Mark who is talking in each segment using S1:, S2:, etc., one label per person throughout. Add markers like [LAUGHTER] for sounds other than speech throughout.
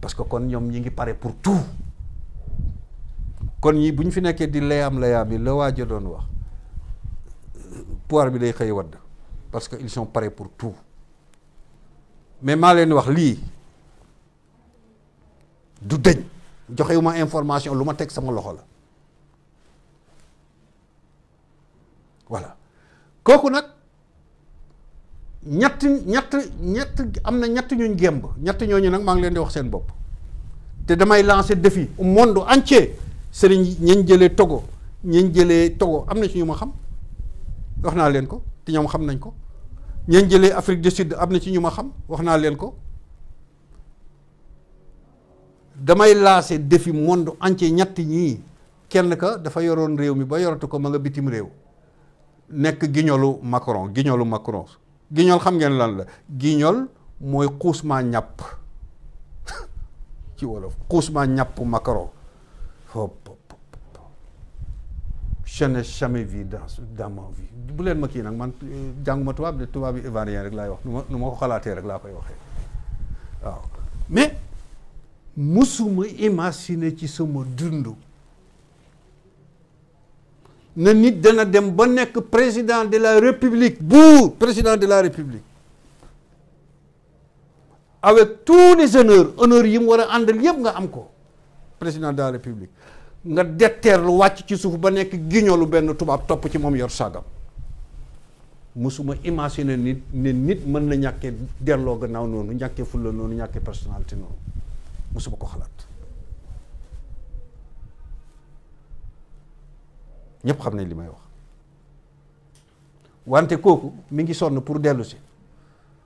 S1: parce que kon ñoom ñi ngi pare pour tout kon ñi bu ñu fi nekkee di layaam layaam yi la waaja doon wax pouvoir bi day xëy parce que ils sont pour tout mais maa leen wax lii du dëñ joxewuma information lu ma teg sama loxo la voilà kooku nag ñett ñett ñett am na ñett ñuñ gémb ñett ñooñu nag maa ngi leen di wax seen bopp te damay lancer défi au monde entier sëriñ ñañ jëlee Togo ñañ jëlee Togo am na ci ñu xam wax naa leen ko te ñoom xam nañ ko ñañ jëlee Afrique du Sud am na ci ñu ma xam wax naa leen ko damay lancer défi monde entier ñett ñi kenn ka dafa yoroon réew mi ba yoratu ko ma nga bitim réew nekk giñolu Macron giñolu Macron guignol xam ngeen lan la guignol mooy xuusmaa ñàpp [LAUGHS] ci wolof xuusmaa ñàpp macaron je n'ai jamais vu dans dans vie bu leen ma kii nag man euh, jànguma tubaab de tubaab yi ivoirien rek laay wax nu ma nu ma ko xalaatee rek laa koy waxee waaw mais musuma imaginer ci sama dund na nit dana dem ba nekk président de la république buur président de la république avec tous les honneurs honneurs yi mu war a àndal yëpp nga am ko président de la république nga detteerlu wàcc ci suuf ba nekk lu benn tubaab topp ci moom yor saagam musuma na nit ne nit mën na ñàkkee delloo gannaaw noonu ñàkkee fulla noonu ñàkkee personnalité noonu mosuma ko xalaat ñëpp xam nañ li may wax wante kooku mi ngi sonn pour dellu si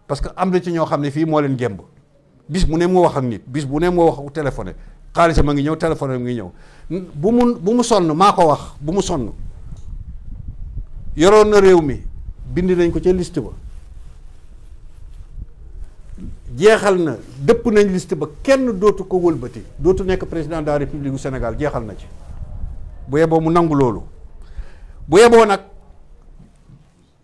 S1: parce que am na ci ñoo xam ne fii moo leen gemb bis mu ne moo wax ak nit bis bu ne moo wax ak téléphoné xaalisam a ngi ñëw téléphoné mi ngi ñëw bu mu bu mu sonn maa ko wax bu mu sonn yoroon na réew mi bind nañ ko ci list ba jeexal na dëpp nañ liste ba kenn dootu ko wëlbati dootu nekk président de la république du Sénégal jeexal na ci bu yeboo mu nangu loolu bu yeboo nag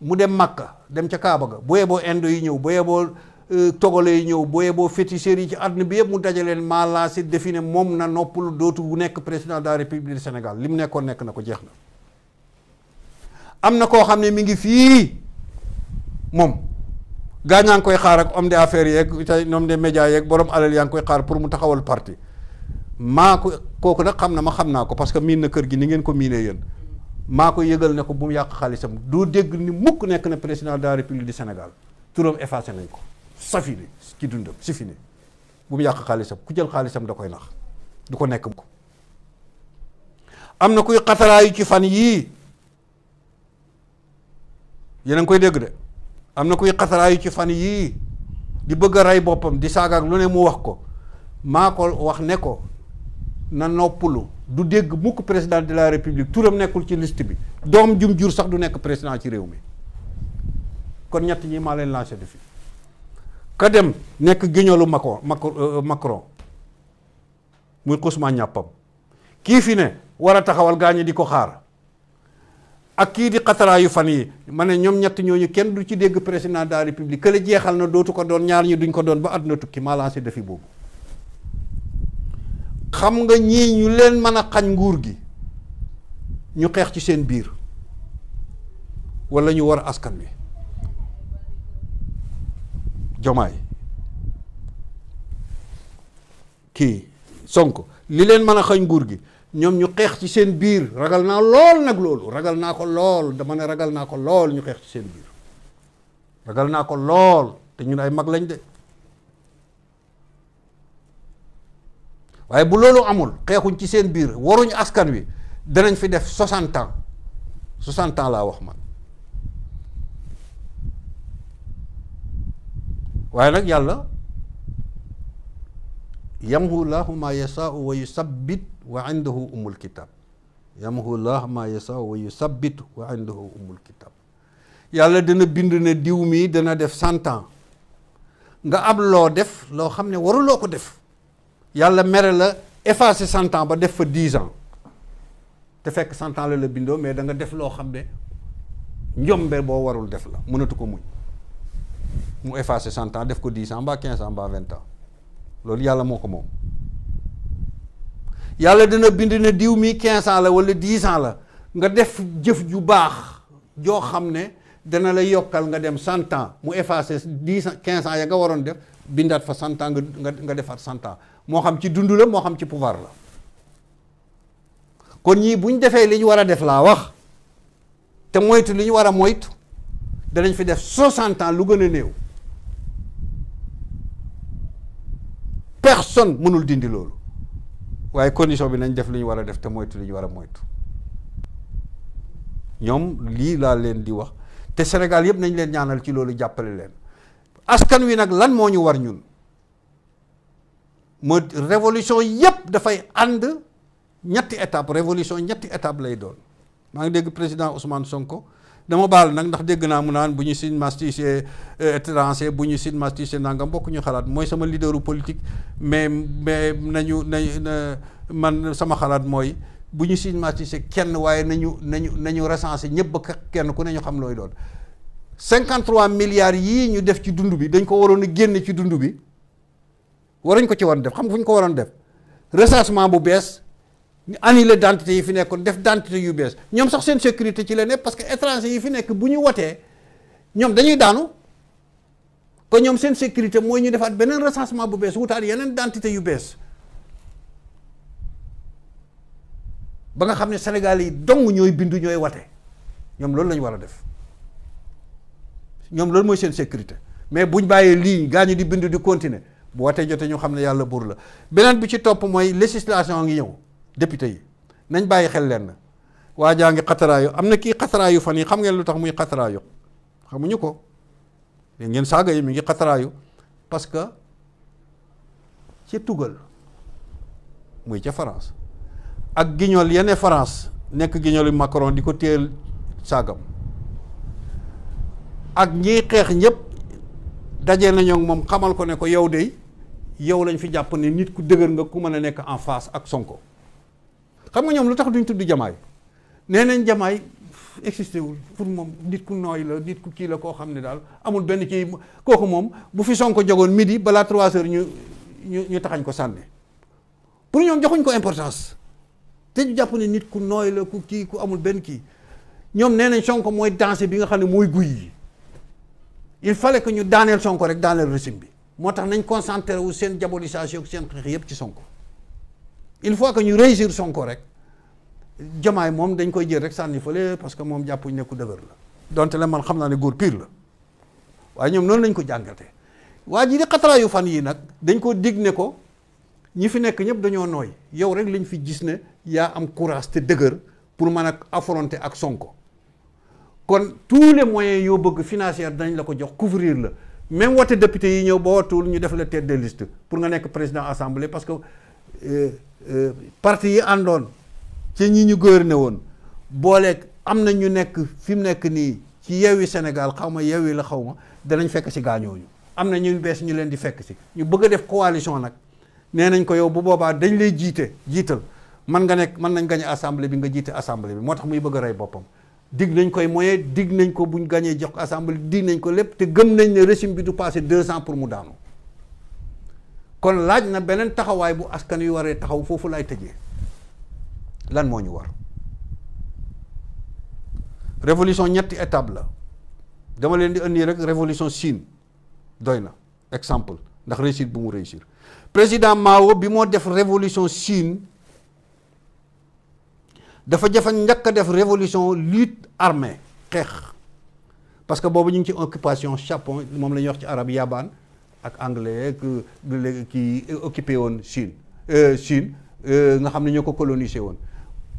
S1: mu dem Makka dem ca Kaaba ga bu yeboo Indo yi ñëw bu yeboo euh, Togolais yi ñëw bu yeboo féticheurs yi ci àdduna bi yëpp mu dajaleen maa maalaasi defi ne moom na noppalu dootu nekk président de la république Sénégal li mu nekkoon nekk na ko jeex na am na koo xam ne mi ngi fii moom gaa ñaa ngi koy xaar ak homme d'affaires yeeg tey homme de médias yeeg borom alal yaa ngi koy xaar pour mu taxawal parti maa ko kooku nag xam na ma xam naa ko parce que miin na kër gi ni ngeen ko miinee yéen maa ko yëgal ne ko bu mu yàq xaalisam doo dégg ni mukk nekk na président de la république du Sénégal turam effacé nañ ko safini ci dundam si fini bu mu yàq xaalisam ku jël xaalisam da koy nax du ko nekk ko am na kuy xataraayu ci fan yii yéen a koy dégg de am na kuy xataraayu ci fan yii di bëgg a rey boppam di saagaak lu ne mu wax ko maa ko wax ne ko na noppalu du dégg mukk président de la république turam nekkul ci liste bi doom jum jur sax du nekk président ci réew mi kon ñett ñi maa leen lancé defi ka dem nekk guignolu Macron Macron euh, euh, muy Ousmane ñàppam kii fi ne war a taxawal gaañu di ko xaar ak kii di xataraayu fan yi ma ne ñoom ñett ñooñu kenn du ci dégg président de la république kële jeexal na dootu ko doon ñaar ñi duñ ko doon ba àdduna tukki maa lancé defi boobu xam nga ñii ñu leen mën a xañ nguur gi ñu xeex ci seen biir walla ñu war askan wi jomaay kii sonk li leen mën a xañ nguur gi ñoom ñu xeex ci seen biir ragal naa lool nag loolu ragal naa ko lool dama ne ragal naa ko lool ñu xeex ci seen biir ragal naa ko lool te ñun ay mag lañ de waaye bu loolu amul xeexuñ ci seen biir waruñ askan wi danañ fi def soixante ans soixante ans laa wax man waaye nag yàlla yamhu llahu ma yasaau wa yusabbit wa indahu umul kitab yamhu wa yusabbit umul kitab yàlla dana bind ne diw mii dana def cent nga am loo def loo xam ne waruloo ko def yàlla mere la effacer cent ba def fa dix ans te fekk cent la la bindoo mais da nga def loo xam ne njombe boo warul def la mënatu ko muñ mu effacer cent ans def ko dix ans mbaa quinze ans mbaa vingt ans loolu yàlla moo ko moom yàlla dina bind ne diw mi quinze ans la wala dix ans la nga def jëf ju baax joo xam ne dana la yokkal nga dem cent ans mu effacer dix ans quinze ans ya nga waroon def bindaat fa cent nga nga defaat cent ans moo xam ci dund la moo xam ci pouvoir la kon ñii bu ñu defee li ñu war a def laa wax te moytu li ñu war a moytu danañ fi def soixante ans lu gën a néew personne mënul dindi loolu waaye condition bi nañ def li ñu war a def te moytu li ñu war a moytu ñoom lii laa leen di wax te Sénégal yëpp nañ leen ñaanal ci loolu jàppale leen askan wi nag lan moo ñu war ñun moo révolution yëpp dafay ànd ñetti étape révolution ñetti étape lay doon maa ngi dégg président Ousmane Sonko dama baal nag ndax dégg naa mu naan bu ñu sin masticé euh, étranger bu ñu sin masticé nangam bokk ñu xalaat mooy sama leaderu politique mais mais nañu nañu man sama xalaat mooy bu ñu sin kenn waaye nañu nañu nañu recensé ñëpp kenn ku ne ñu xam looy doon 53 milliards yii ñu def ci dund bi dañ ko waroon a génne ci dund bi waruñ ko ci waroon def xam nga fu ñu ko waroon def recensement bu bees ñu annulé d'identité yi fi nekkoon def d'identité yu bees ñoom sax seen sécurité ci la ne parce que étranger yi fi nekk bu ñu wotee ñoom dañuy daanu ko ñoom seen sécurité mooy ñu defaat beneen recensement bu bees wutaat yeneen d'identité yu bees ba nga xam ne Sénégal yi dong ñooy bindu ñooy wate ñoom loolu lañu war a def ñoom loolu mooy seen sécurité mais buñ bàyyee lii gaa ñu di bindu di continuer bu watee jotee ñu xam ne yàlla buur la beneen bi ci topp mooy législation ngi ñëw député yi nañ bàyyi xel leen waa jaa ngi xataraayu am na kii xataraayu fan yi xam ngeen lu tax muy xataraayu xamuñu ko ngeen saaga yi mi ngi xataraayu parce que ci tugal muy ca France ak guignol yenn farance nekk guignolu Macron di ko téel saagam ak ñiy xeex ñëpp daje nañoo moom xamal ko ne ko yow de yow lañ fi jàpp ni nit ku dëgër nga ku mën a nekk en face ak Sonko xam nga ñoom lu tax duñ tudd jamaay nee nañ jamaay existé wul pour moom nit ku nooy la nit ku kii la koo xam ne daal amul benn kii kooku moom bu fi Sonko jogoon midi balaa trois heures ñu ñu taxañ ko sànni pour ñoom joxuñ ko importance te ñu jàpp ne nit ku nooy la ku kii ku amul benn kii ñoom nee nañ Sonko mooy dansé bi nga xam ne mooy guy yi il fallait que ñu daaneel Sonko rek daaneel régime bi moo tax nañ concentré wu seen diabolisation seen xeex yëpp ci Sonko il faut que ñu réussir Sonko rek jamaay moom dañ koy jël rek sànni fële parce que moom jàppuñ ne ku dëgër la donte la man xam naa ne góor piir la waaye ñoom noonu lañ ko jàngatee waa ji di xataraayu fan yii nag dañ koo dig ne ko ñi fi nekk ñëpp dañoo nooy yow rek lañ fi gis ne yaa am courage te dëgër pour mën a affronter ak Sonko kon tous les moyens yoo bëgg financière dañ la ko jox couvrir la même wote député yi ñëw ba wotuwul ñu def la tête de pour nga nekk président assemblée parce que euh, euh, parti yi àndoon ci ñi ñu gouverné woon booleek am na ñu nekk fi mu nekk nii ci Yewwi Sénégal xaw ma Yewwi la xaw ma danañ fekk si gaañooñu am na ñu bees ñu leen di fekk si ñu bëgg a def coalition nag nee nañ ko yow bu boobaa dañ lay jiite jiital man nga nekk man nañ gañe assemblée bi nga jiite assemblée bi moo tax muy bëgg rey boppam digg nañ koy moyen digg nañ ko bu buñ gagné jox ko assemblée nañ ko lépp te gëm nañ ne régime bi du passé deux ans pour mu daanu kon laaj na beneen taxawaay bu askan yu waree taxaw foofu laay tëjee lan moo ñu war révolution ñetti étape la dama leen di indi rek révolution Chine doy na exemple ndax réussite bu mu réussir président Mao bi moo def révolution Chine dafa jafe njëkk a def révolution lute armée xeex parce que boobu ñu ngi ci occupation Japon moom la ñuy wax ci arab yabaan ak anglais ak euh, kii euh, occupé woon Chine euh, Chine nga xam ne ñoo ko colonisé woon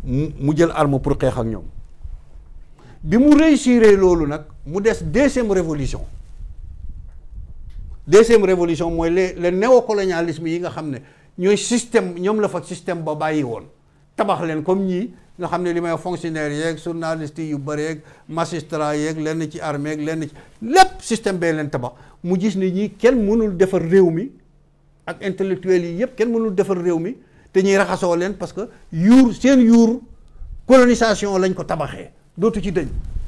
S1: mu jël arme pour xeex ak ñoom bi mu réussir loolu nag mu des deuxième révolution deuxième révolution mooy les le néocolonialisme yi nga xam ne ñooy système ñoom la fa système ba bàyyi woon tabax leen comme ñii nga xam ne li may fonctionnaire yeeg journaliste yu bëri yeeg magistrat yeeg lenn ci armée lenn ci lépp système bee leen tabax mu gis ni ñii kenn mënul defar réew mi ak intellectuels yi yëpp kenn mënul defar réew mi te ñuy raxasoo leen parce que yuur seen yuur colonisation lañ ko tabaxee dootu ci dëñ